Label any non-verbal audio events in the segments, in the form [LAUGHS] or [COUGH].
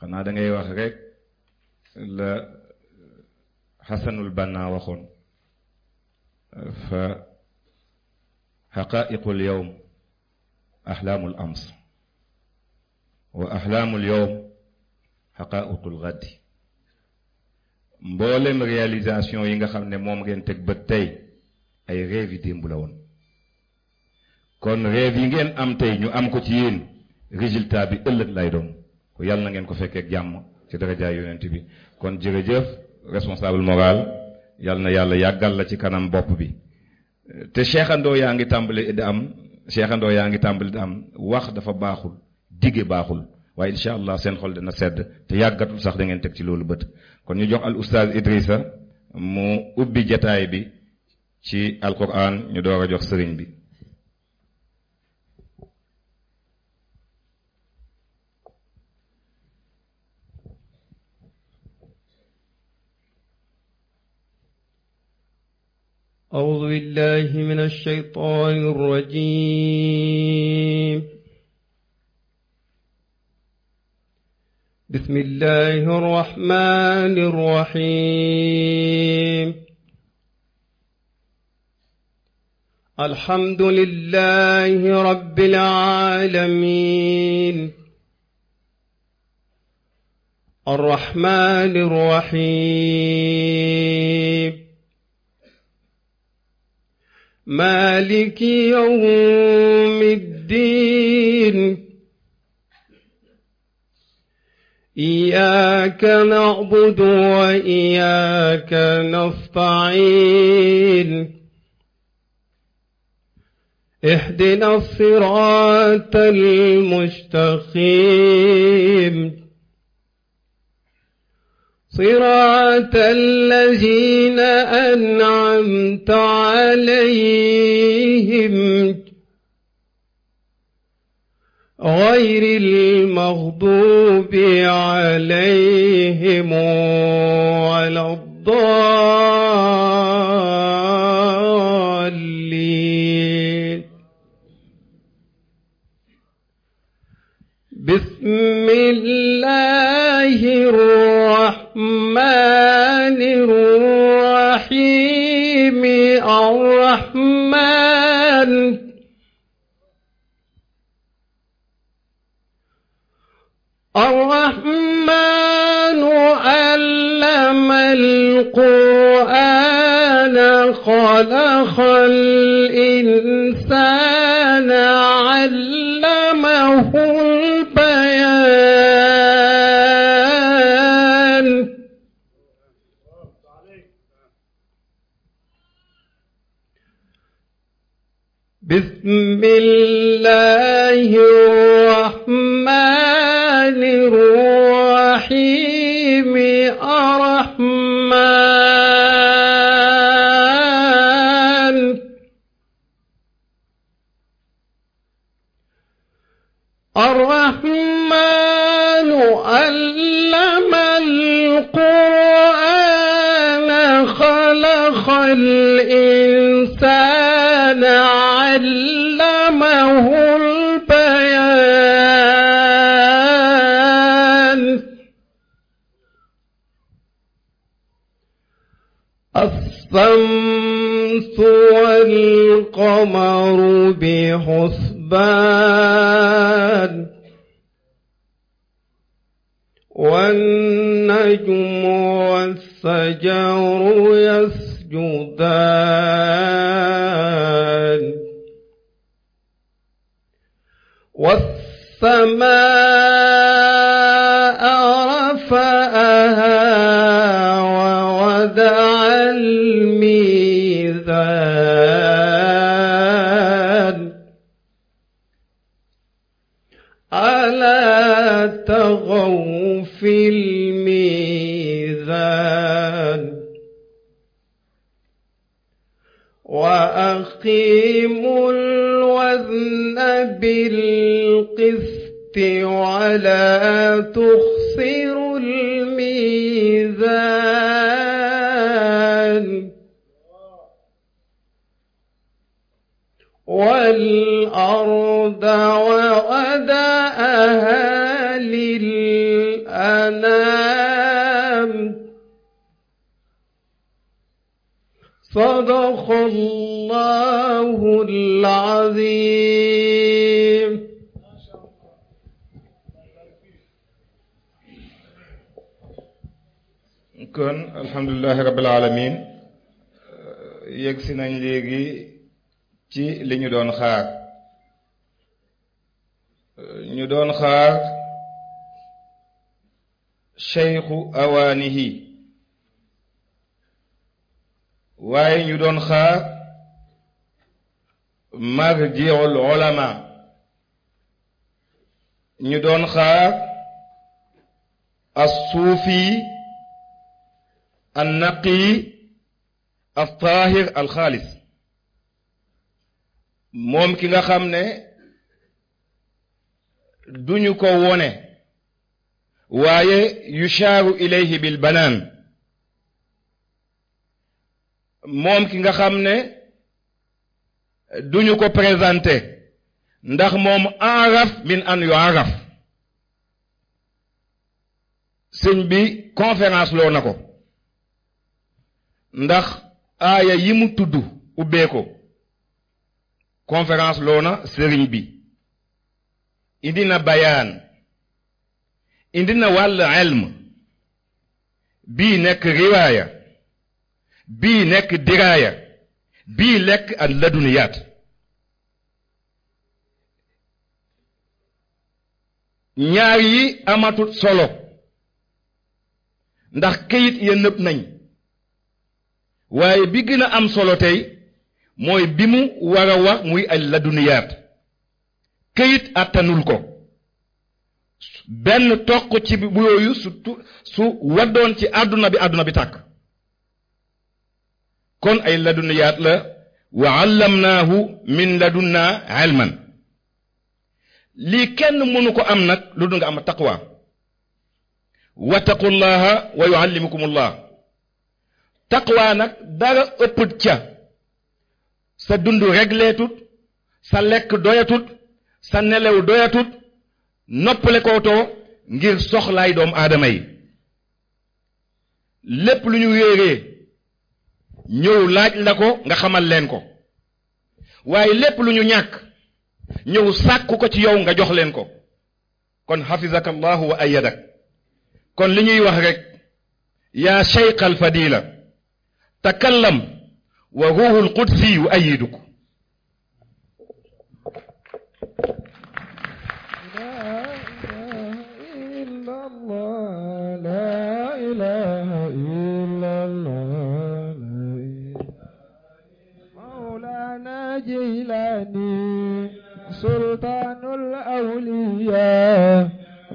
xanaa dangay wax rek la xasanul banna waxoon fa xaqaiqul yowm axlaamul ams wa axlaamul yowm xaqaiqul gaddi mboolem réalisation yi nga xam ne moom ngeen teg bët tey ay rêve yi démb woon kon rêve yi ngeen am tey ñu am ko ci yéen résultat bi ëllëg lay doon yàlla na ngeen ko fekkee jàmm ci darajaay yonent bi kon jërëjëf responsable moral yàlla na yàlla yàggal la ci kanam bopp bi te seexandoo yaa ngi tàmbali di am seexandoo yaa ngi tàmbali di am wax dafa baaxul digge baaxul waaye incha allah seen xol dina sedd te yàggatul sax da ngeen teg ci loolu bët kon ñu jox al oustaz Idrissa mu ubbi jataay bi ci alquran ñu door a jox sëriñ bi أعوذ بالله من الشيطان الرجيم بسم الله الرحمن الرحيم الحمد لله رب العالمين الرحمن الرحيم مالك يوم الدين إياك نعبد وإياك نستعين اهدنا الصراط المستقيم صراط الذين أنعمت عليهم غير المغضوب عليهم ولا الضالين بسم الله الرحمن الرحيم الرحمن الرحمن علم القرآن خلق الإنسان علمه بسم الله الرحمن الشَّمْسُ وَالْقَمَرُ بِحُسْبَانٍ وَالنَّجْمُ وَالشَّجَرُ يَسْجُدَانِ وَالسَّمَاءُ بالقسط ولا تخسروا الميزان والأرض ووضعها للأنام صدق الله الله العظيم kon alhamdulilahi rabbil alamin eh, yegsi nañ léegi ci li ñu doon xaar eh, ñu doon xaar cheikhu awaanihi waaye ñu doon xaar marjiul ulama ñu doon xaar as-suufi an-naqi as-tahir al-xaalis moom ki nga xam ne duñu ko wone waaye yushaaru ilayhi bil banaan moom ki nga xam ne duñu ko présenté ndax moom enraf min an yu enraf sëñ bi conférence loo na ko ndax aaya yi mu tudd ubbee ko conférence loo na sëriñ bi indi na bayaan indi na wàll elm bii nekk riwaaya bii nekk diraaya bii lekk ak laduniyaat ñaar yi amatul solo ndax këyit ya nañ waaye bi gën a am solo tey mooy bi mu war a wax muy al laduniyaat këyit àttanul ko benn toq ci bu yooyu su su waddoon ci àdduna bi àdduna bi tàkk kon ay ladunayaat la wa allamnaahu min ladunnaa ilman lii kenn mënu ko am nag lu dul nga am taqwa wattaqullaha wa yuallimukumullah taqwa nag dara ëpput ca sa dund regleetut sa lekk doyatut sa nelaw doyatut noppale ngir soxlaay doomu aadama yi lépp lu ñu réeree ñëw laaj la ko nga xamal leen ko waaye lépp lu ñu ñàkk ñëw sàkku ko ci yow nga jox leen ko kon xafizaka allahu wa ayadak kon li ñuy wax rek yaa cheikh al fadila takallam wa ruuhu al qudsi yu ayiduk سلطان الأولياء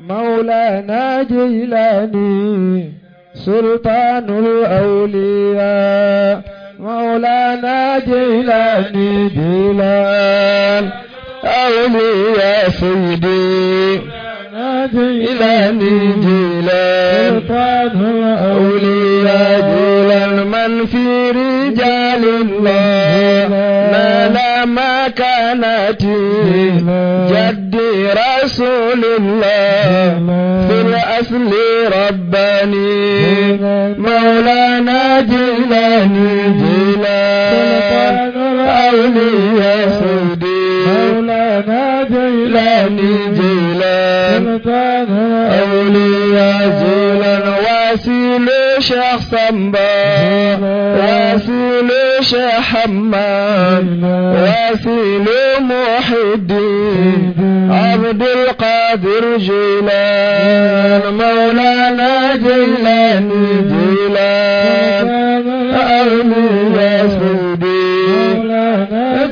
مولانا جيلاني سلطان الأولياء مولانا جيلاني جيلان أولياء سيدي جيلاني جيلان سلطان الأولياء جيلان من في رجال الله ما كانت جدي رسول الله في الأصل رباني مولانا جيلاني جيلان أولي سودي مولانا جيلاني جيلان أولي جيلان واسيل شخصا با واسيل شا حماد واسيل محي الدين عبد القادر جيلان مولانا جيلان جيلان أغني سيدي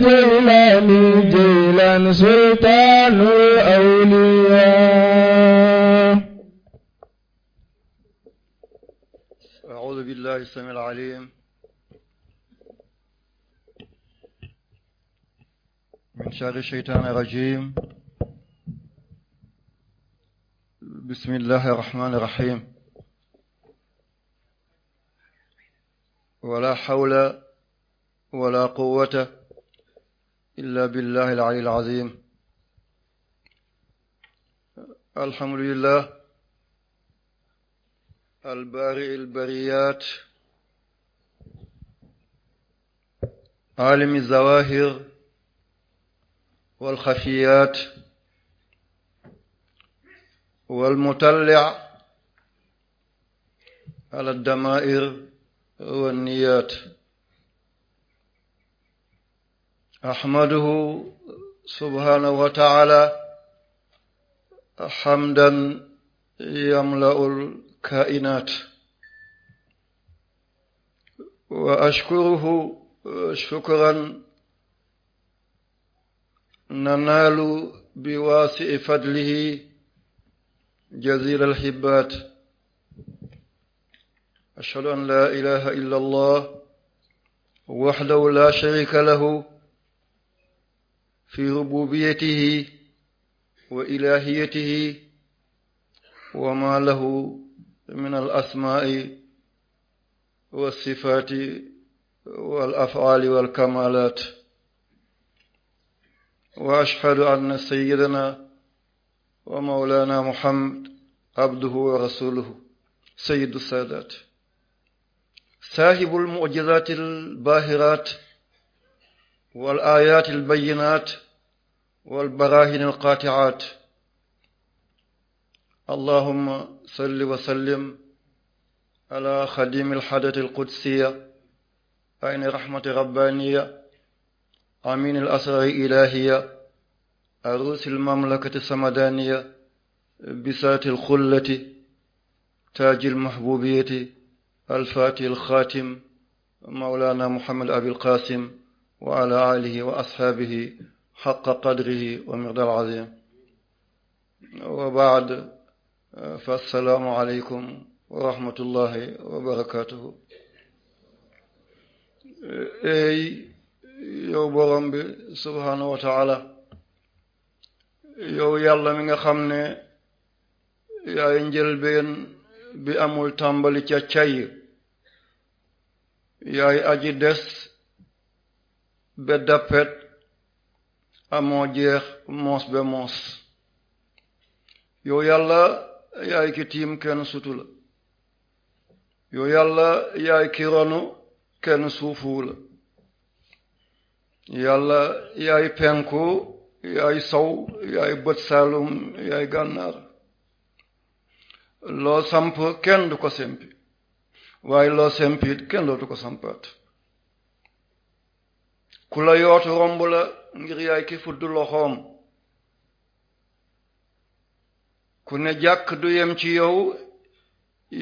جيلان جيلان سلطان الأولياء أعوذ بالله السميع العليم من شر الشيطان الرجيم بسم الله الرحمن الرحيم ولا حول ولا قوة إلا بالله العلي العظيم الحمد لله البارئ البريات عالم الزواهر والخفيات والمتلع على الدمائر والنيات أحمده سبحانه وتعالى حمدا يملأ الكائنات وأشكره شكرا nanaalu bi waasii fadlihi jazira alxibaat ashhadu an laa ilaha illa allah waxdahu laa sharika lahu fi rububiyatihi wa ilahiyatihi wa ma lahu min alasmaai wa alsifaati wa alafaali wa alkamalaat وأشهد أن سيدنا ومولانا محمد عبده ورسوله سيد السادات صاحب المعجزات الباهرات والآيات البينات والبراهين القاطعات اللهم صل وسلم على خديم الحدث القدسية عين رحمة ربانية أمين الأسرى الإلهية عروس المملكة السمدانية بسات الخلة تاج المحبوبية الفاتح الخاتم مولانا محمد أبي القاسم وعلى آله وأصحابه حق قدره ومقدار عظيم وبعد فالسلام عليكم ورحمة الله وبركاته. Ey yow borom bi subhaanahu wa taala yàlla mi nga xam ne yaay njëlbeen bi amul tàmbali ca cay yaay aji des be dappet amoo jeex moos be moos yow yàlla yaay ki tiim kenn sutu la yow yàlla yaay ki ronu kenn suufu la yàlla yay penku yaay sow yaay bët saalum yaay gànnaar loo samp kenn du ko sempi waaye loo sempit kenn dootu ko sampaat ku la yootu romb la ngir yaay ki fudd loxoom ku ne jàkk du yem ci yow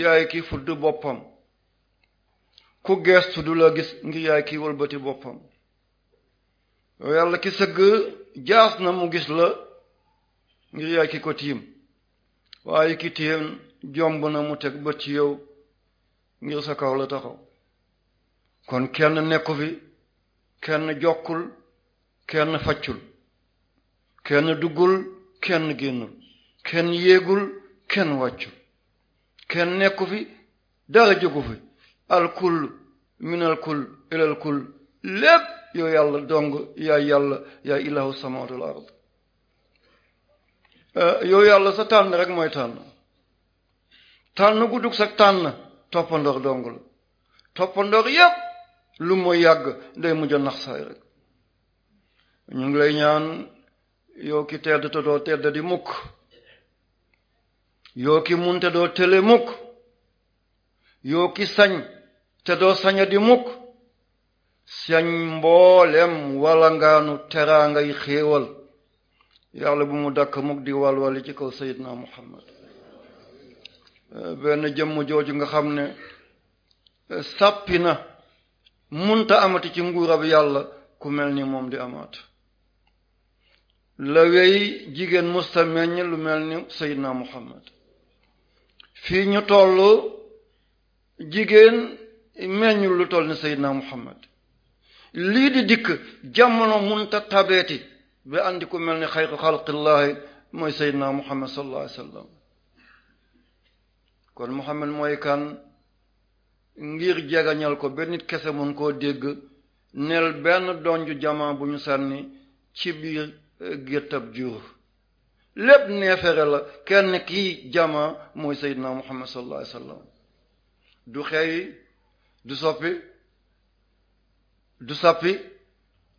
yay ki fudd boppam ku geestu du la gis ngir yaay ki wëlbati boppam yàlla ki sëgg jaas na mu gis la ngir yaay ki ko tiim waaye ki tiim jomb na mu teg bët ci yow ngir sa kaw la taxaw kon kenn nekku fi kenn jokkul kenn faccul kenn duggul kenn génnul kenn yéegul kenn wàccul kenn nekku fi dara jógu fi al kull min al ilal kull lépp yow yàlla dong yaay yàlla yaay ilaahu eh, yàlla sa tànn rek mooy tànn tànn guddug sa tànn toppandoor dong la toppandoor yépp lu mooy yàgg day mujj a nax saay rek ñu ngi lay ñaan yoo ki tedd te di mukk yoo ki mun te doo mukk yoo ki sañ te doo saña di mukk sañ mboolem walangaanu teraangay xéewal yàlla bu mu dakk mukk di walwali ci kaw sayidna muhammad eh, benn jëmm jooju nga xam ne eh, sàppi na munta amati ci nguurab yàlla ku mel ni moom di amaat la wey jigéen musta meññ lu mel ni sayidna muhammad fii ñu toll jigéen meññul lu toll ni sayidna muhammad lii di dikk jamono munta tabeeti ba andi ku mel ni xayru xalqillahi mooy sayyidina muhammad sallallahu alayhi wasallam kon muhammad mooy kan ngir jegañal ko ba nit kese mun koo dégg nel benn donju jamaa bu ñu sànni ci biir e, géttab jur lépp neefere la kenn kii jamaa mooy sayyidina muhammad sallallahu alayhi wasallam du xëy du soppi du sappi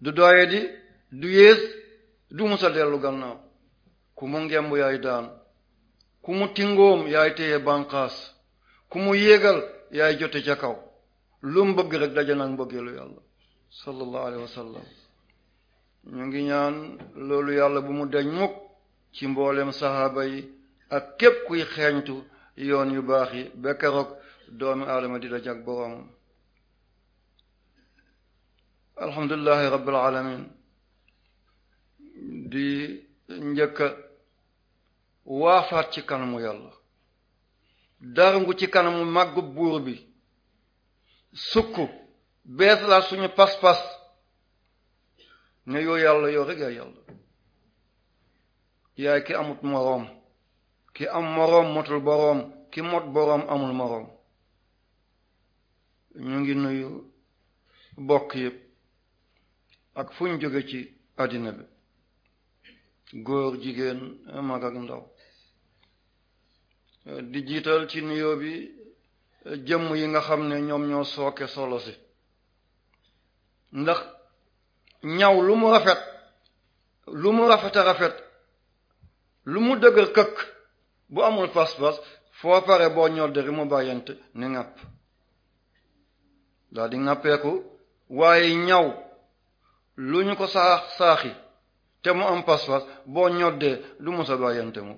du doyadi du yées du musa dellu gannaaw ku mu ngemb yaay daan ku mu tingoom yaay téye banqaas ku mu yéegal yaay jote ca kaw lu mu bëgg rek daje nag yàlla sallallahu alayhi wa sallam ñu ngi ñaan loolu yàlla bu mu deñ mukk ci mboolem sahaaba yi ak képp kuy xeeñtu yoon yu baax yi ba keroog doomi aadama di dajak boroomam alhamdulillahi rabbil alamin di njëkka waafaat ci kanamu yàlla darngu ci kanamu màggu buur bi sukk bees laa suñu pas-pas ne yoo yàlla yoo rek yaay yàlla yaay ki amut moroom ki am moroom motul boroom ki mot boroom amul moroom ñu ngi nuyu bokk yépp ak fu ñu jóge ci àddina bi góor jigéen mag ak ndaw di jiital ci nuyoo bi jëmm yi nga xam ne ñoom ñoo sooke solo ndax ñaw lu mu rafet lu mu rafet a rafet lu mu dëgër këkk bu amul pas-pas foo pare boo ñodde ri mu bàyyante ni ŋàpp daal di ŋàppeeku waaye ñaw lu ñu ko saax saaxi te mu am pas-pas boo ñoddee du mos a bàyyante mu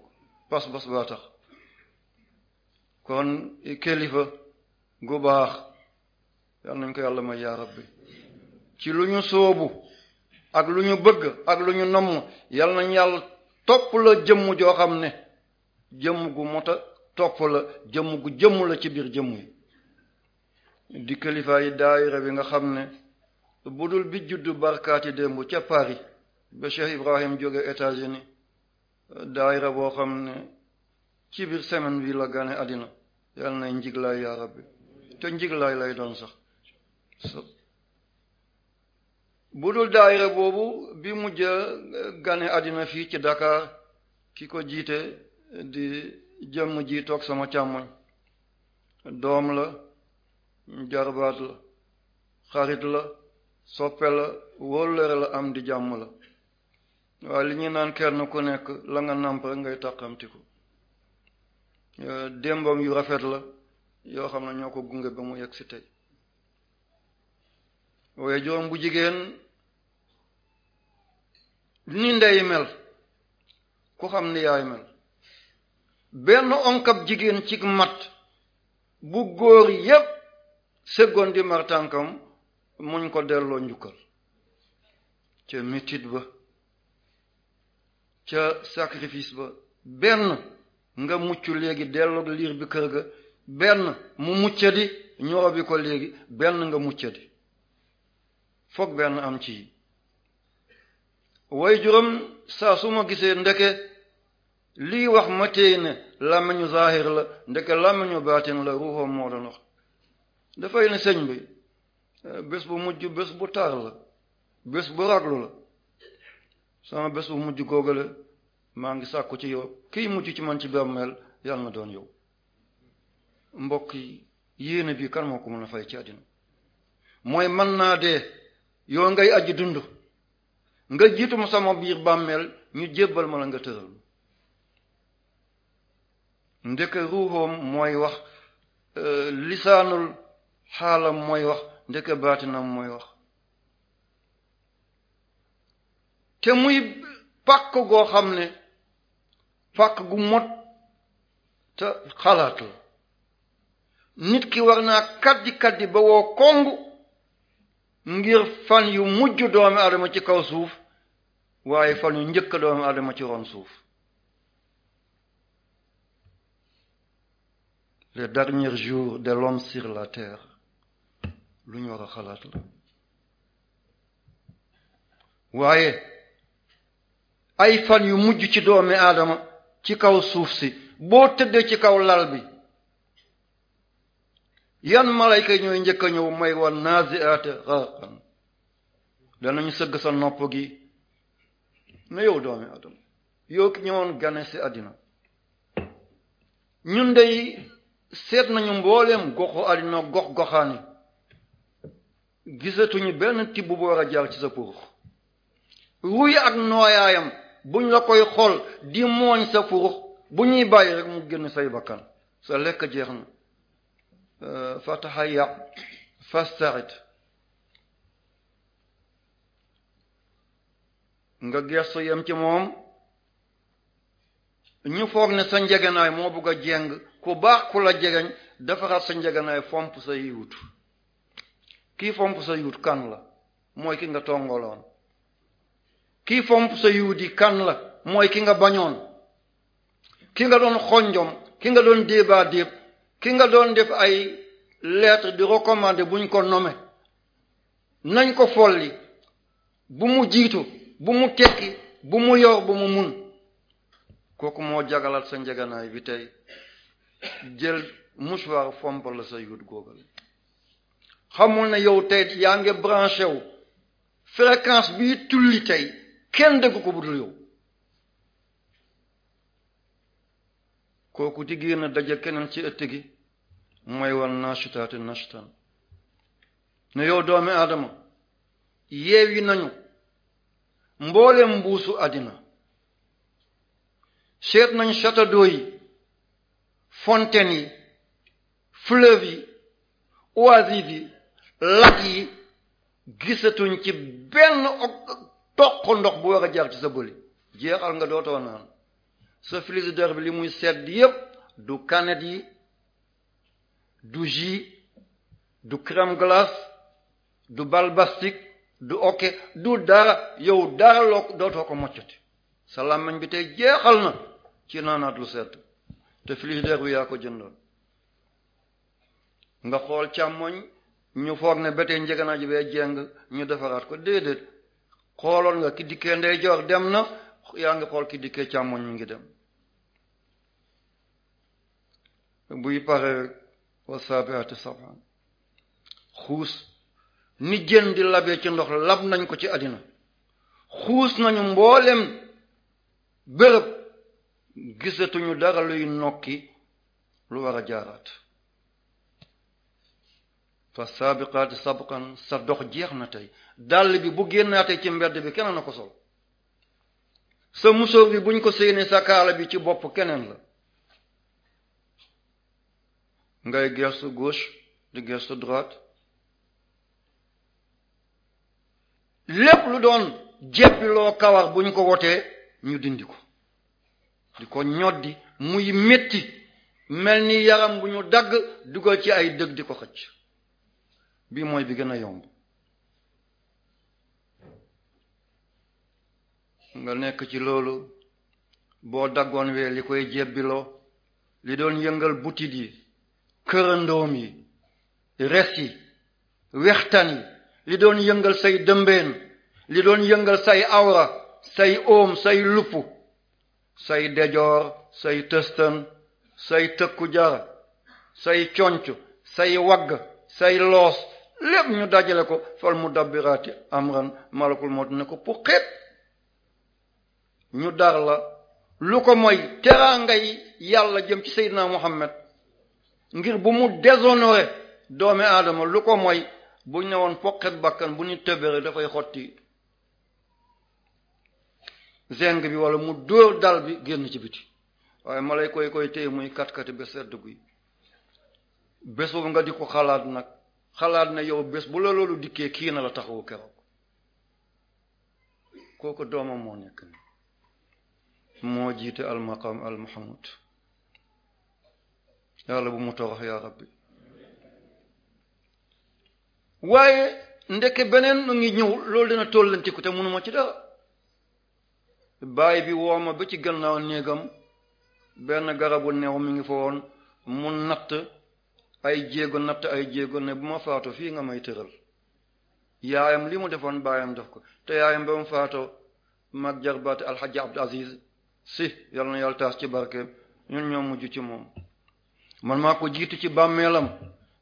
pas-pas baa tax kon kilifa gu baax yal nañ ko yàlla may yaa bi ci lu ñu soobu ak lu ñu bëgg ak lu ñu nomm yal nañ yàlla topp la jëmm joo xam ne jëmm gu mota topp la jëmm gu jëmm la ci biir jëmm yi di kilifa yi daayira bi nga xam ne bu dul bi juddu barkaati démb ca Paris ba Cheikh Ibrahim jóge États-Unis daayira boo xam ne ci biir semaine bi la gane àddina yàlla nay njiglaay yaa rabbi te njiglaay lay doon sax budul daayira boobu bi mujj gane àddina fii ci Dakar ki ko jiite di jëmm ji sama càmmoñ doom la jarbaat la xarit la soppe la wóllëre la am di jàmm la waaye li ñu naan kenn ku nekk la nga nàmp rek ngay tàqamtiku euh, démbam yu rafet la yoo xam ne ñoo ko gunge ba mu yegg si tey waaye bu jigéen ni ndey mel ku xam ni yaay mel benn onkab jigéen ci mat bu góor yépp segondi mar muñ ko delloo njukkal ca métit ba ca sacrifice ba benn nga mucc léegi delloo liir bi kër ga benn mu muccadi ñoro bi ko léegi benn nga muccadi foog benn am ci way juróom saa su ma gisee ndeke lii wax ma téy ne làmmiñu zaahir la ndeke làmmiñu baatin la ruuxoom moo doon wax dafay ne sëñ bi bés bu mujj bés bu tar la bés bu raglu la sama bés bu mujj googale maa ngi sàkku ci yow kiy mujj ci man ci bàmmeel yàlla na doon yow mbokk yi yéene bi kan moo ko mën a fay ci àddina mooy man naa dee yoo ngay aji dund nga jiitu ma sama biir bàmmeel ñu jébbal ma la nga tëral ndeke ruuxoom mooy wax euh, lisaanul xaalam mooy wax ndeke baatinam mooy wax te muy pàkk goo xam ne pàkk gu mot te xalaat nit ki war naa kaddi kaddi ba woo kongu ngir fan yu mujj doomi adama ci kaw suuf waaye fan yu njëkk doomi adama ci ron suuf les derniers jours de l'homme sur la terre lu ñu war a xalaat la waaye ay fan yu mujj ci doomi aadama ci kaw suuf si boo tëddee ci kaw lal bi yan malayka ñooy njëkk a ñëw may wa naziaate xarqan danañu sëgg sa nopp gi ne yow doomi aadama yow ki ñëwoon gane si àddina ñun dey seet nañu mbooleem goxu àddina gox goxaani gisatuñu benn tibb bu war a jaar ci sa pour ruy ak nooyaayam buñ la koy xool di mooñ sa pour bu ñuy bàyyi rek mu génn say bakkan sa lekk jeex na euh, fatahaya fastarit nga gestu yem ci moom ñu foog ne sa njeganaay moo bëgg a jeng ku baax ku la jegeñ defaraat sa njeganaay fomp say wut kii fomp sa yuut kan la mooy ki nga tongoloon kii fomp sa yuut yi kan la mooy ki nga bañoon ki nga doon xonjom ki nga doon déebaa déeb ki nga doon def ay lettre di recommander buñ ko nome nañ ko folli bu mu jiito bu mu tekki bu mu yor bu mu mun kooku moo jagalat sa njeganaay bi tey jël musuwaar fompal la sa yuut googal xamul na yow tey yaa ngi branché wu fréquence bii tulli tey kenn dégg ko budul yow kooku di génn daje keneen ci ëtt gi mooy wal nashitaati nashitaan ne yow doomi aadama yeewi nañu mboole mbuusu àddina seet nañ château d'eau yi fontaine yi fleuve yi oasis yi laj gisatuñ ci benn toq ndox bu war a jaar ci sa bëli jeexal nga dootoo naan sa frigidaire bi li muy sedd yépp du canette yi du jus du crème glace du balbastique du oke du dara yow dara loo dootoo ko moccati sa làmmiñ bi tey jeexal na ci naanaat lu sedd te frigidaire bi yaa ko jëndoon nga xool càmmoñ ñu foog ne ba tey njëganaaj bee jeng ñu defaraat ko déedéet xooloon nga ki dikkee ndeyjoor dem na yaa ngi xool ki dikkee càmmoñ mu ngi dem buy paree wasaabiati sabhan xuus ni jën di labee ci ndox lab nañ ko ci àddina xuus nañu mboolem bërëb gisatuñu dara luy nokki lu war a jaaraat fa saabiqaati sabqan sa dox jeex na tey dàll bi bu génnaatee ci mbedd bi keneen na ko sol sa musóor bi buñ ko séenee sa kaala bi ci bopp keneen la ngay gestu gauche di gestu droite lépp lu doon jeppiloo kawar buñ ko wotee ñu dindi ko di ko ñoddi muy metti mel ni yaram bu ñu dagg dugal ci ay dëg di ko xëcc bii mooy bi gën a yomb nga nekk ci loolu boo daggoon wee li koy jébbiloo li doon yëngal butit yi kërandoom yi res yi wextan yi li doon yëngal say dëmbeen li doon yëngal say awra say oom say lupp say dejoor say tëstan say tëkku jara say conc say wagg say loos lépp ñu dajale ko fal mu dabbiraati amran malakul mawt ne ko pour xeet ñu darla lu ko moy teraanga yàlla jëm ci Seydina Muhammad ngir bu mu déshonoré doomi aadama lu ko moy bu ñëwoon poqet bakkan bu ñu tëbëre dafay xotti zeng bi wala mu dóor dal bi génn ci biti waaye ma lay koy koy téye muy kat-kat ba sedd guy bés boobu nga di ko xalaat nag xalaat na yow bés bu la loolu dikkee kii na la taxawu keroog kooku doomam moo nekk ni moo jiite almaqam al waaye ndekk beneen mu ngi ñëw loolu dina tollantiku te mënuma ci dara baay bi wooma ba ci gannaaw néegam benn garabu new mi ngi fa woon mu natt ay jéego natt ay jéego ne bu ma faatu fii nga may tëral yaayam li mu defoon baayam def ko te yaayam ba mu faatoo mag jarbaate alxaji abdul aziz si yal na yàlla ci barke ñun ñoo mujj ci moom man maa ko jiitu ci bàmmeelam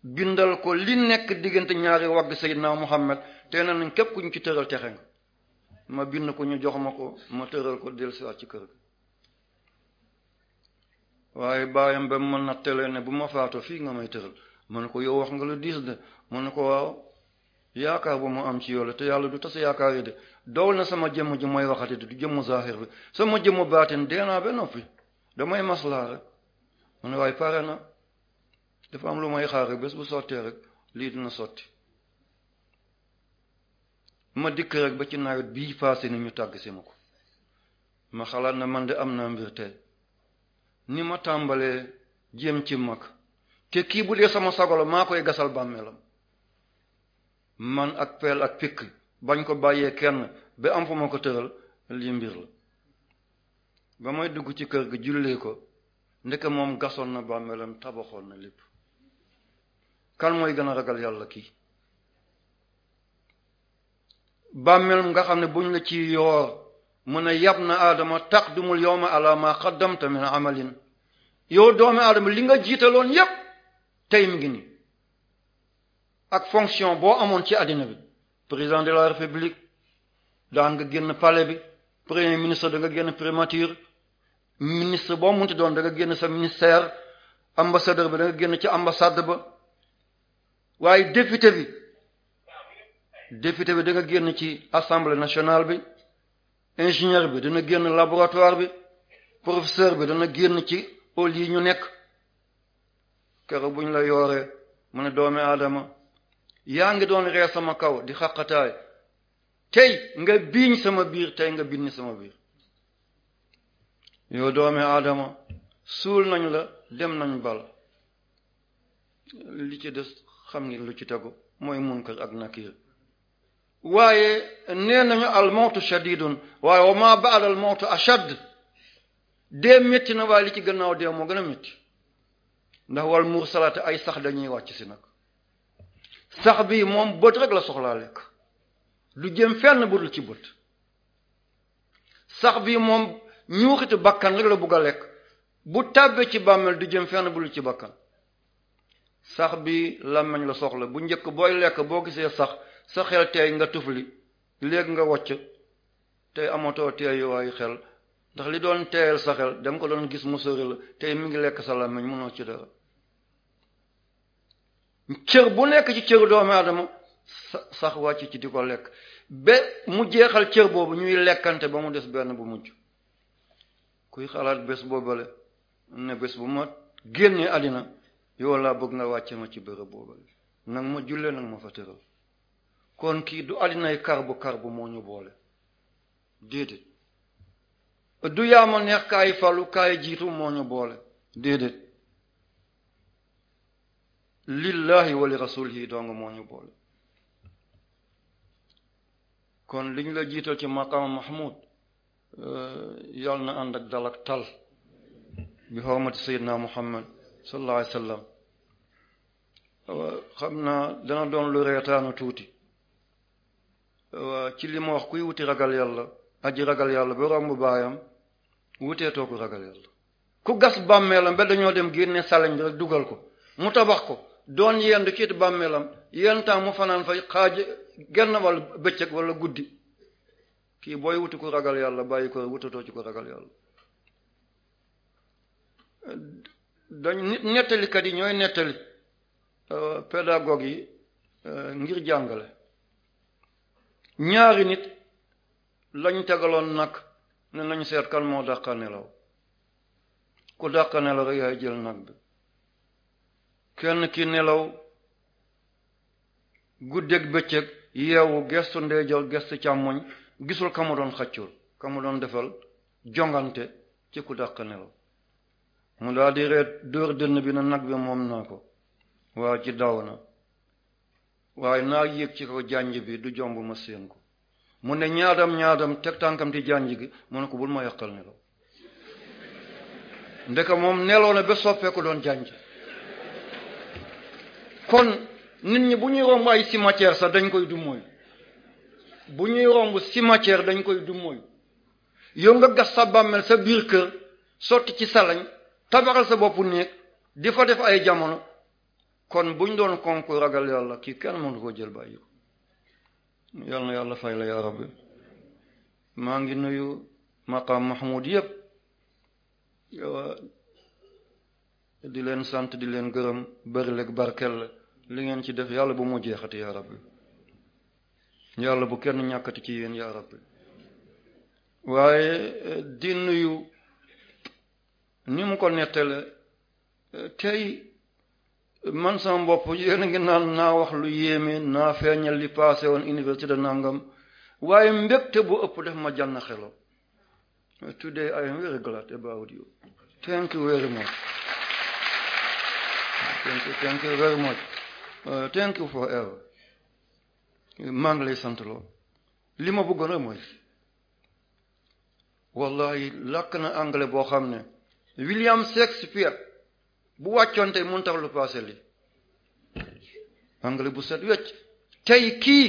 bindal ko li nekk diggante ñaari wagg seydina muhammad te na nañ képp ku ñu ci tëral texe nga ma bind ko ñu jox ma ko ma tëral ko dellusiwaat ci kër waaye baayam ba mën na tele ne bu ma faatoo fii nga may tëral mën ko yow wax nga lu diis de mën ko waaw yaakaar bu mu am ci yow la te yàlla du tas yaakaar yi de dool na sama jëmm ji mooy waxati de du jëmm zahir bi sama jëmm baatin dee naa ba noppi damay maslaa rek mu ne waaye pare na dafa am lu may xaar rek bés bu sottee rek lii dina sotti ma dikk rek ba ci nawet bii passé ni ñu tàgg si ma ko ma xalaat na man de am naa mbir tey ni ma tàmbalee jéem ci mag te kii bu dee sama sagolo maa koy gasal bàmmeelam man ak peel ak pikk bañ ko bàyyee kenn ba am fu ma ko tëral lii mbir la ba may dugg ci kër gi jullee ko ndeke moom gasoon na bàmmeelam tabaxoon na lépp kan mooy gën a ragal yàlla kii bàmmeelam nga xam ne buñ la ci yoor mën na ne yabna aadama taqdimul yawma ala ma qaddamta min amalin yow doomi aadama li nga jiitaloon yépp tey mi ngi ni ak fonction boo amoon ci àddina bi président de la république daan nga génn pale bi premier ministre da nga génn primature ministre boo mun munti doon da nga génn sa ministère ambassadeur bi da génn ci ambassade ba waaye député bi député bi da génn ci assemblée nationale bi ingénieur bi dana génn laboratoire bi professeur bi dana génn ci pôle yi ñu nekk keroog bu ñu la yooree mu ne doomi aadama yaa ngi doon ree sama kaw di xaqataay tey nga biiñ sama biir tey nga binni sama biir yow doomi aadama suul nañ la dem nañu bal li ci des xam ni lu ci tegu mooy munkar ak nakiir waaye nee nañu almawtu shadidun waaye wa ma baada almawtu ashad dee metti na waaye li ci gannaaw dee moo gën a métti ndax wal mursalaate ay sax dañuy wàcc si nag sax bi moom bët rek la soxlaa lekk du jëm fenn budul ci bët sax bi moom ñuuxitu bakkan rek la bugg a lekk bu tàbbee ci bàmmeel du jëm fenn budul ci bàkkan sax bi làmmiñ la soxla bu njëkk booy lekk boo gisee sax sa xel teey nga tufli léegi nga wocc tey amatoo teeyuwaayu xel ndax li doon teeyal sa xel dem ko doon gis mu sori la tey mu ngi lekk sa làmmiñ mënoo ci dara cër bu nekk ci cër doomu aadama sax wàcc ci di ko lekk ba mu jeexal cër boobu ñuy lekkante ba mu des benn bu mujj kuy xalaat bés boobale ne bés bu ma génnee àddina yow laa bëgg nga wàcce ma ci bërëb boobale nag ma jullee nag ma fa tëral kon kii du addinay karbu karbu moo ñu boole déedéet du yaama neex kaay falu kaay jiitu mooñu ñu boole déedéet lillahi wali rasulihi dong moo ñu boole kon li ñu la jiital ci maqama mahmud euh, yal na ànd ak dalak tal bi xormati sayidna muhammad sallallahu alayhi wa euh, xam naa dana doon lu reetaanu tuuti ci li ma wax kuy wuti ragal yàlla aji ragal yàlla ba romb baayam wuteetoo ku ragal yàlla ku gas bàmmeelam ba dañoo dem génne salañ bi rek dugal ko mu tabax ko doon yendu ciit bàmmeelam yenn temps mu fanaan fa xaaj genn wala bëccëg wala guddi kii booy wuti ku ragal yàlla bàyyi ko wutatoo ci ku ragal yàlla dañ nit nettalikat yi ñooy nettali euh, pédagogue yi euh, ngir jàngale ñaari nit lañ tegaloon nag ne nañu seet kan moo dàqa nelaw ku dàqa nelaw rek ay jël nag bi kenn ki nelaw guddeeg bëccëg yeewu gestu ndeyjoor gestu càmmoñ gisul ka mu doon xaccul ka mu doon defal jongante ci ku dàq nelaw mu daa di reet dóor dënn bi na nag bi moom naa ko waa ci daw na waaye naa yéeg ci kaw jànj bi du jomb ma séen ko mu ne ñaadam ñaadam teg tànkam ci janj gi mu ne ko bu ma yàqal nelaw ndeka moom neloo na ba soppeeku doon janj kon nit ñi bu ñuy romb ay cimetière sax dañ koy du mooy bu ñuy romb cimetière dañ koy du mooy yow nga gas sa bàmmeel sa biir kër sotti ci salañ tabaxal sa boppu néeg di fa def ay jamono kon bu buñ doon kon ku ragal yàlla kii kenn mënu ko jël bàyyi ko yal na yàlla fay la yaa rabbi maa ngi nuyu maqaam mahmoud yépp di leen sant di leen gërëm bërileg barkel li ngeen ci def yàlla bu mu jeexati yaa rabbi yàlla bu kenn ñàkkati ci yéen yaa rabbi waaye di nuyu ni mu ko nettale tey man sama bopp yéen a ngi naan naa wax lu yéeme naa feeñal li passé woon université de nangam waaye mbégte bu ëpp def ma jànn xelo today I am very glad about you thank you very much thank you thank you very much uh, thank you forever maa ngi lay sant lool li ma bëggoon a mooy wallahi làkk na anglais boo xam ne William Shakespeare bu wàccoon tey mun tax lu passé li anglais bu set wecc tey kii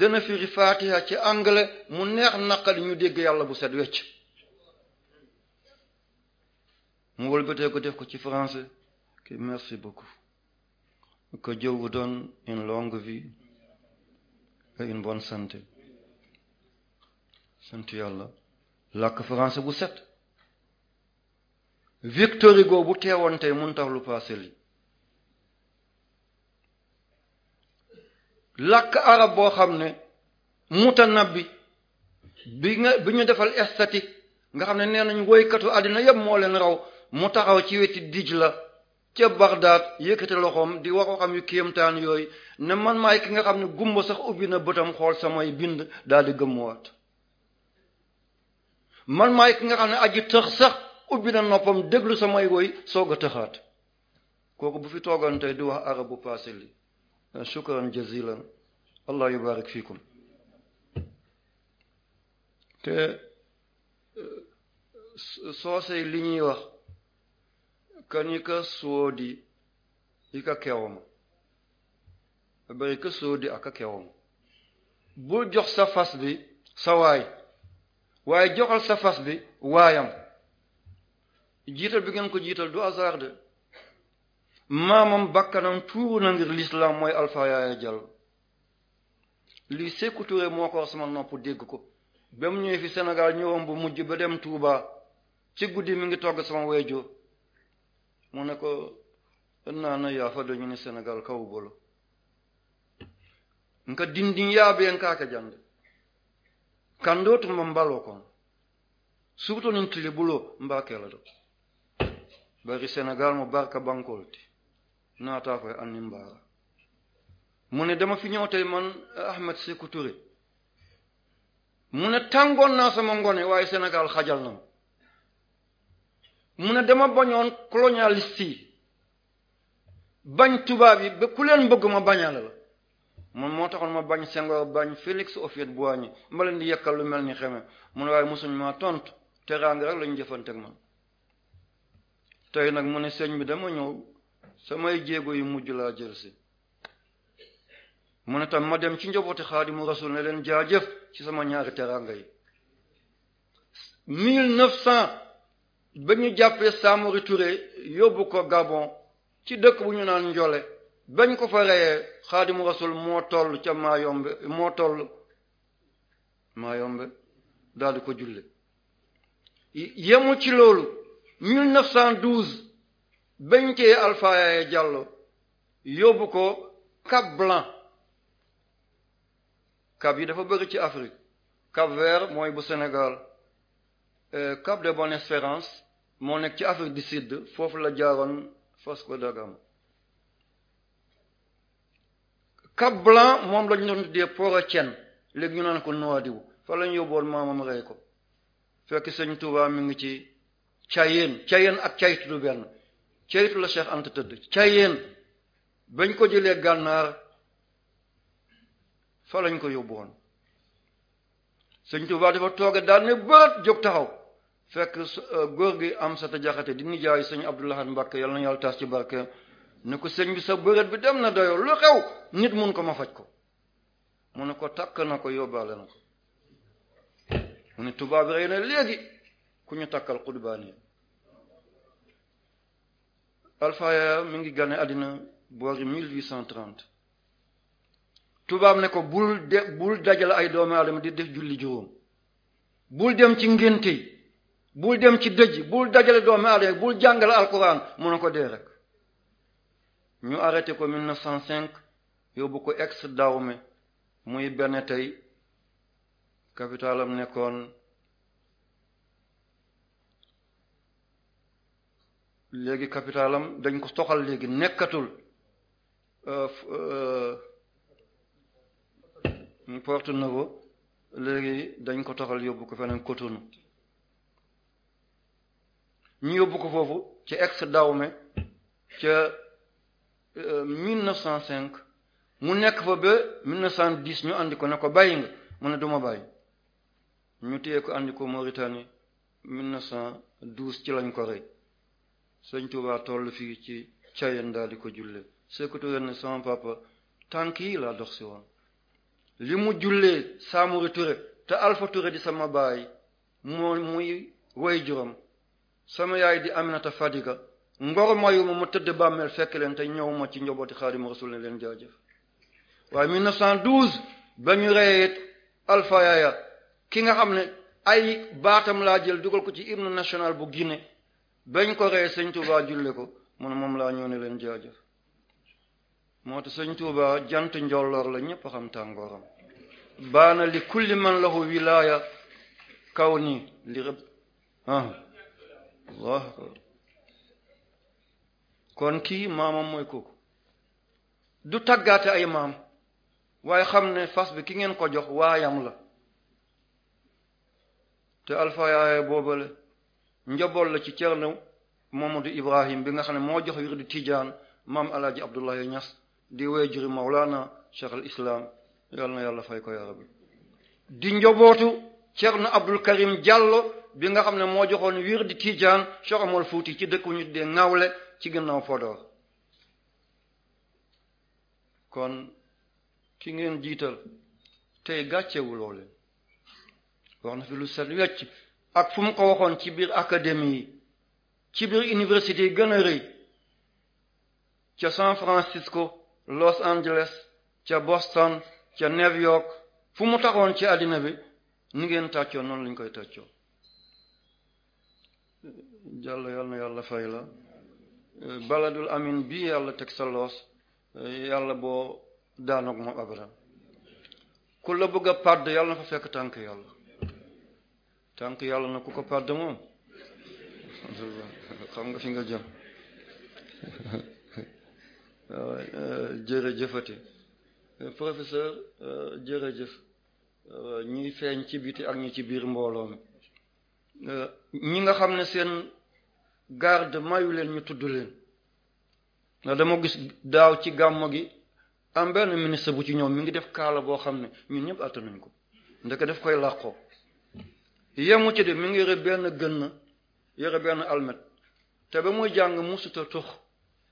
dana firi fatiha ci anglais mu neex naqali ñu dégg yàlla bu set wecc mu wëlbatee ko def ko ci français ki merci beaucoup ko Dieu vous donne une longue vie et une bonne santé sant yàlla làkk français bu set Victor Hugo bu teewoon tey lu paase li làkk arab boo xam ne muta mutanabbi bi nga bi ñu defal esthétique nga xam ne nee nañ woykatu àddina yëpp moo leen raw mu taxaw ci weti Dijla ca Bagdad yëkkati loxoom di wax xam yu kéemtaan yooyu ne man maay ki nga xam ne gumba sax ubbi na bëtam xool samay bind daal di gëmmuwaat man maay ki nga xam ne aji tëx sax ubbi na noppam déglu samay woy soog a tëxaat kooku bu fi toogoon tey di wax arabu bu passé li ah, shukran jazilan allah yubarik fiikum te eh, soosey li ñuy wax kani ka soodi i ka kewoma bari ka soodi ak ka kewoma jox sa fas bi sa waay waaye joxal sa fas bi waayam jiital bi ngeen ko jiital du hasard de maamam bakkanam tuuru na ngir l'islam mooy Alpha Yaya Diallo li Sékou Touré moo ko sama nopp dégg ko ba mu ñëwee fi senegal ñëwam bu mujj ba dem tuuba ci guddi mi ngi togg sama weejo mu ne ko naa na yaafa dañu ne Sénégal kaw bolo nka dindin yaaben kaake jande kandootu ma mbaloo kon surtout nin tili buloo mbaa keela do bari Sénégal mu barka bankoolti naataa koy anni mbaara mu ne dama fi ñëw tey man Ahmed Sékou Touré mu ne tàngoon naa sama ngone waaye Sénégal xajal na mu ne dama bañoon colonialiste yi bañ tubaab yi ba leen bëgg ma bañaale la man moo taxoon ma bañ Senghor bañ Félix Houphouët-Boigny ma leen di yekkal lu mel ni xeme mu ne waaye mosuñ maa tontu teraanga rek lañu jëfante ak man tey nag mu ne sëñ bi dama ñëw samay jéego yu mujj laa jël si mu ne tam ma dem ci njabooti xaadimu rasul ne leen jaajëf ci sama ñaari teranga yi mille neuf ba ñu jàppee Samori Touré yóbbu ko Gabon ci dëkk bu ñu naan njole bañ ko fa reyee mu rasul moo toll ca Mayombe moo toll Mayombe daal di ko julle yemu ci loolu 1912 bañ tee Alpha Yaya Diallo yóbbu ko Cap Blanc Cap yi dafa bëri ci Afrique Cap Vert mooy bu Sénégal euh, Cap de Bonne Espérance moo nekk ci Afrique du Sud foofu la jaaroon Vasco da Gama Cap Blanc moom lañu doon tuddee Port-Étienne léegi ñu naan ko Nouadhibou fa lañu yóbboon maamam rey ko fekk Sëñ Tuubaa mi ngi ci cayeen cayeen ak caytu du benn caytu la Cheikh Anta tëdd cayeen bañ ko jëlee gànnaar fa lañ ko yóbbu woon sëñ Tuubaa dafa tooge daal ne bërët jóg taxaw fekk euh, góor gi am sa ta jaxate di nijaay sëñ Abdoulahan mbakk yàlla na yàlla taas ci barke ne ko sëñ bi sa bërët bi dem na doyo lu xew nit mun ko ma faj ko mu ne ko takk na ko yóbbaale na ko mu ne tubaab rey na léegi ku ñu takkal xudbaani alfaaya mu ngi gane àddina boori 1830 tubaab ne ko bul de bul dajale ay doomi aadama di def julli juróom bul dem ci ngénte yi bul dem ci dëj bul dajale doomi aadama bul jàngale alquran mun a ko dee rek ñu arrêté ko 1905 yóbbu ko ex Dahomey muy benn tey capitalam nekkoon léegi capitalam dañ ko toxal léegi nekkatul euh, euh, Porto-Novo léegi dañ ko toxal yóbbu ko feneen Cotonou ñu yóbbu ko foofu ci ex-Dahomey ca 1905 euh, mu nekk fa ba 1910 ñu andi ko ne ko bàyyi nga mu ne duma bàyyi ñu téye ko andi ko Mauritanie 1912 ci lañ ko rey sëñ Tuubaa toll fii ci cayen daal di ko julle sekatu ren sama papa tànk yi laa dox si woon li mu jullee Saamori Ture te Alpha Ture di sama baay muy way juróom sama yaay di Aminata Fadiga ngor mayuma mu tëdd bàmmeel fekk leen te ñëw ma ci njobooti Xaadimu Rasul ne leen jaajëf waaye 1912 ba ñu reyee Alpha Yaya ki nga xam ne ay baatam laa jël dugal ko ci hymne national bu Guinée beñ ko ree sëñ Tuubaa julle ko mun moom laa ñëw leen jaajëf moo tax sëñ Tuubaa jant njolloor la ñépp xam tàngooram baana li kulli man lahu wilaaya kaw ni li rëbb ah kon kii maamam mooy kooku du taggaate ay maam waaye xam ne fas bi ki ngeen ko jox waayam la te alfa yaaya boobale njaboot la ci Cerno Mamadou Ibrahim bi nga xam ne moo jox wirdu Tijaan mam alaaji Abdullahi Ñas di wéyjuri Mawlana Cheikh al Islam yal na yàlla fay ko yaa di njabootu Cerno Abdul Karim Diallo bi nga xam ne moo joxoon wirdu Tijaan Cheikh Omar Fuuti ci dëkku ñu de Ngawle ci ginnaaw Podor kon ki ngeen jiital tey gàccewu loole wax na fi lu set wecc ak fu mu ko waxoon ci biir académie yi ci biir université yi gën a rëy ca San Francisco Los Angeles ca Boston ca New York fu mu taxoon ci àddina bi ni ngeen tàccoo noonu lañ koy tàccoo jàll yal na yàlla fay la baladul amin bi yàlla teg sa loos yàlla boo daanoog moom abadan ku la bëgg a pàdd yàlla na fa fekk tànk yàlla tànk yàlla na ku ko perte moom xam nga fi nga jëm jërëjëfati professeur jërëjëf ñuy feeñ ci biti ak ñi ci biir mbooloo mi ñi nga xam ne seen garde mayu leen ñu tudd leen ndax dama gis daaw ci gàmmo gi am benn ministre bu ci ñoom mi ngi def kaala boo xam ne ñun ñëpp àttanuñ ko ndeke def koy làqoo yemu ci de mi ngi yore benn gën yére benn almet te ba muy jàng musuta tux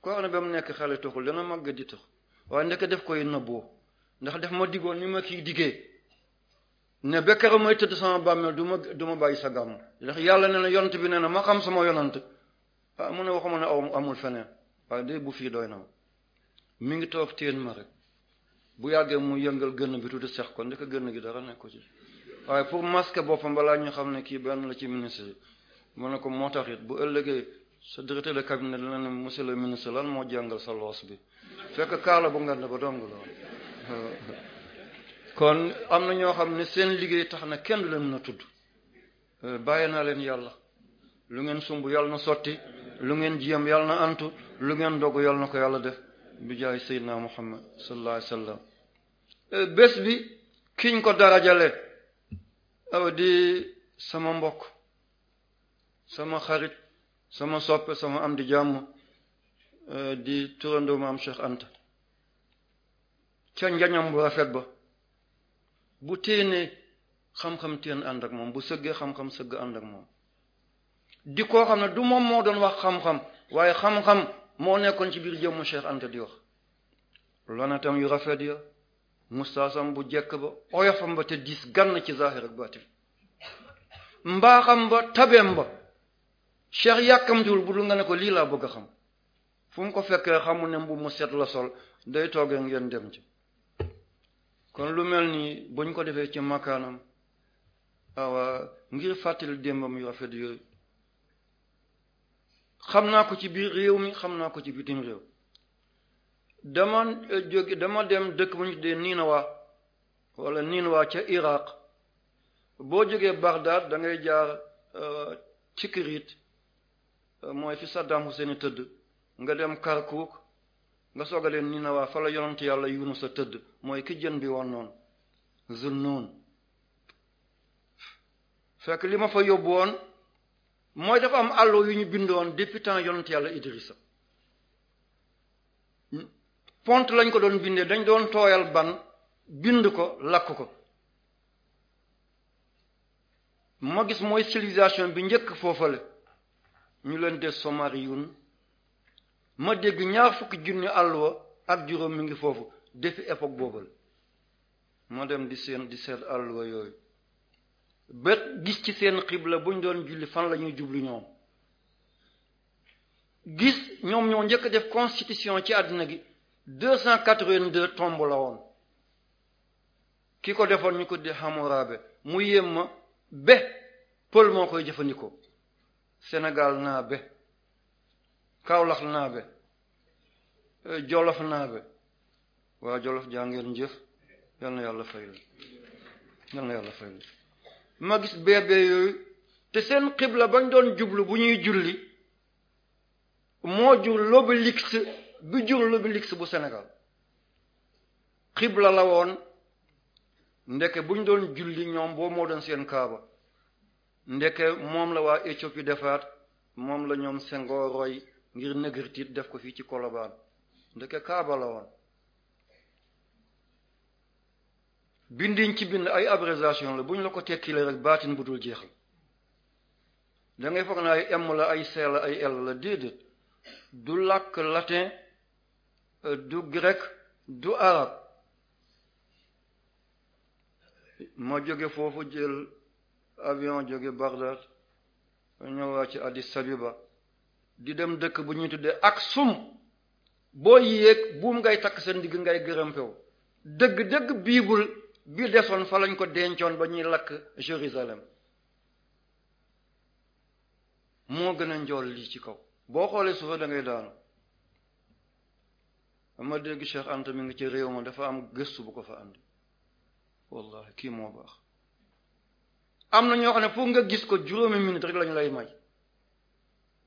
ko xam ne ba mu nekk xale tuxul dana màgg di tux waaye ndekk def koy nëbboo ndax def ma diggoon ni ma kii diggee ne bekkara may tëdd sama bàmmeel duma ma du ma bàyyi sa gàmm ndax yàlla ne na yonent bi ne na ma xam sama yonent ah mu ne waxuma ne aw amul feneen waaye de bu fii doy na mi ngi toog téen ma rek bu yàggee mu yëngal gën bi tuuti sex ko ndekk gën gi dara nekk ko ci waaye pour masque boppam balaa ñu xam ne kii benn la ci ministre yi mu ne ko moo tax it bu ëllëgee sa directeur de cabinet dina ne monsieur le ministre lan moo jàngal sa loos bi fekk kaala bu ngand ba dong la [LAUGHS] kon am na ñoo xam ne seen liggéey tax na kenn du leen mën a tudd euh, bàyyi naa leen yàlla lu ngeen sumb yàlla na sotti lu ngeen jiyam yàlla na ant lu ngeen dogg yàlla na ko yàlla def bi jaay seydinaa muhammad sallallahu alayhi wasallam euh, bés bi kiñ ko darajale aw di sama mbokk sama xarit sama soppe sama am di jàmm euh, di turandoo ma am Cheikh Anta ca njañam bu rafet ba bu téenee xam-xam téen ànd moom bu sëggee xam-xam sëgg ànd moom di koo xam ne du moom moo doon wax xam-xam waaye xam-xam moo nekkoon ci biir jëmmu Cheikh Anta di wax lona tam yu rafet ya mustaasam bu jekk ba oyofam ba te diis gann ci zahir ak baatin mbaaxam ba tabeem ba cheikh yàkkamtiwul bu dul nga ne ko lii laa bëgg a xam fu mu ko fekkee xamu ne mbu mu set la sol day toogee ngeen dem ci kon lu mel nii buñ ko defee ci makaanam awa ngir fàttali démbam yu yooyu xam naa ko ci biir réew mi xam naa ko ci bitim réew dama eh, jóge dama dem dëkk bu ñu tuddee Ninawa wala Ninawa ca Iraq boo jógee Bagdad da ngay jaar eh, Tikrit eh, mooy fi Saddam Hussein tëdd nga dem Karkuk nga soog a dem Ninawa fa la yonent yàlla Yunus a tëdd mooy ki jën bi woon noonu Zunnun fekk li ma fa yóbbu woon mooy dafa am àllo yu ñu bindoon depuis temps yonent yàlla Idrissa pont lañ ko doon bindee dañ doon tooyal ban bind ko lakk ko ma gis mooy civilisation bi njëkk foofale ñu leen de somariyun ma dégg ñaar fukki junni àlluwa ak juróom mi ngi foofu defi époque boobal ma dem di seen di seet àlluwa yooyu bët gis ci seen xibla bu ñu doon julli fan la ñuy jublu ñoom gis ñoom ñoo njëkk def constitution ci àddina gi deux cent quatre tomb la woon ki ko defoon ñu ko di Hammurabi mu yem ma be pël moo koy jëfandikoo senegal naa be Kaolack naa be euh, Jolof naa be waa Jolof jaa ngeen jëf yal na yàlla fay yal na yàlla fay la ma gis yooyu te seen xibla bañ doon jublu bu ñuy julli moo jur l'obélisque bi jur l'obélisque bu Sénégal xibla la woon ndeke bu ñu doon julli ñoom boo moo doon seen kaaba ndeke moom la waa Éthiopie defaat moom la ñoom Senghor ngir négritude def ko fii ci Colobane ndeke kaaba la woon bindiñ ci bind ay abréviation la bu ñu la ko tekkilee rek baatin bu dul jeex la da ngay na ay M la ay C ay L la déedéet du làkk latin Euh, du grec du arab moo jóge foofu jël avion jóge Bagdad ñëwaat ci Addis Abeba di dem dëkk bu ñuy tuddee ak sum boo yéeg buum ngay takk seen digg ngay gërëmpew dëgg-dëgg biibul bi desoon fa lañ ko dencoon ba ñuy lakk Jérusalem moo gën a njool lii ci kaw boo xoolee suufa da ngay daanu ma dégg Cheikh Anta mi ngi ci réew ma dafa am gëstu bu ko fa andi wallahi kii moo baax am na ñoo xam ne pour nga gis ko juróomi minute rek lañu lay may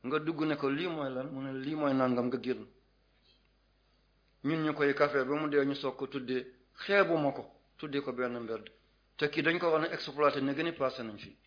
nga dugg ne ko lii mooy lan mu ne lii mooy nangam nga génn ñun ñu koy café ba mu dee ñu soog ko tuddee xeebu ma ko tuddee ko benn mbedd te kii dañ ko war a exploiter ne gën a passé nañ fii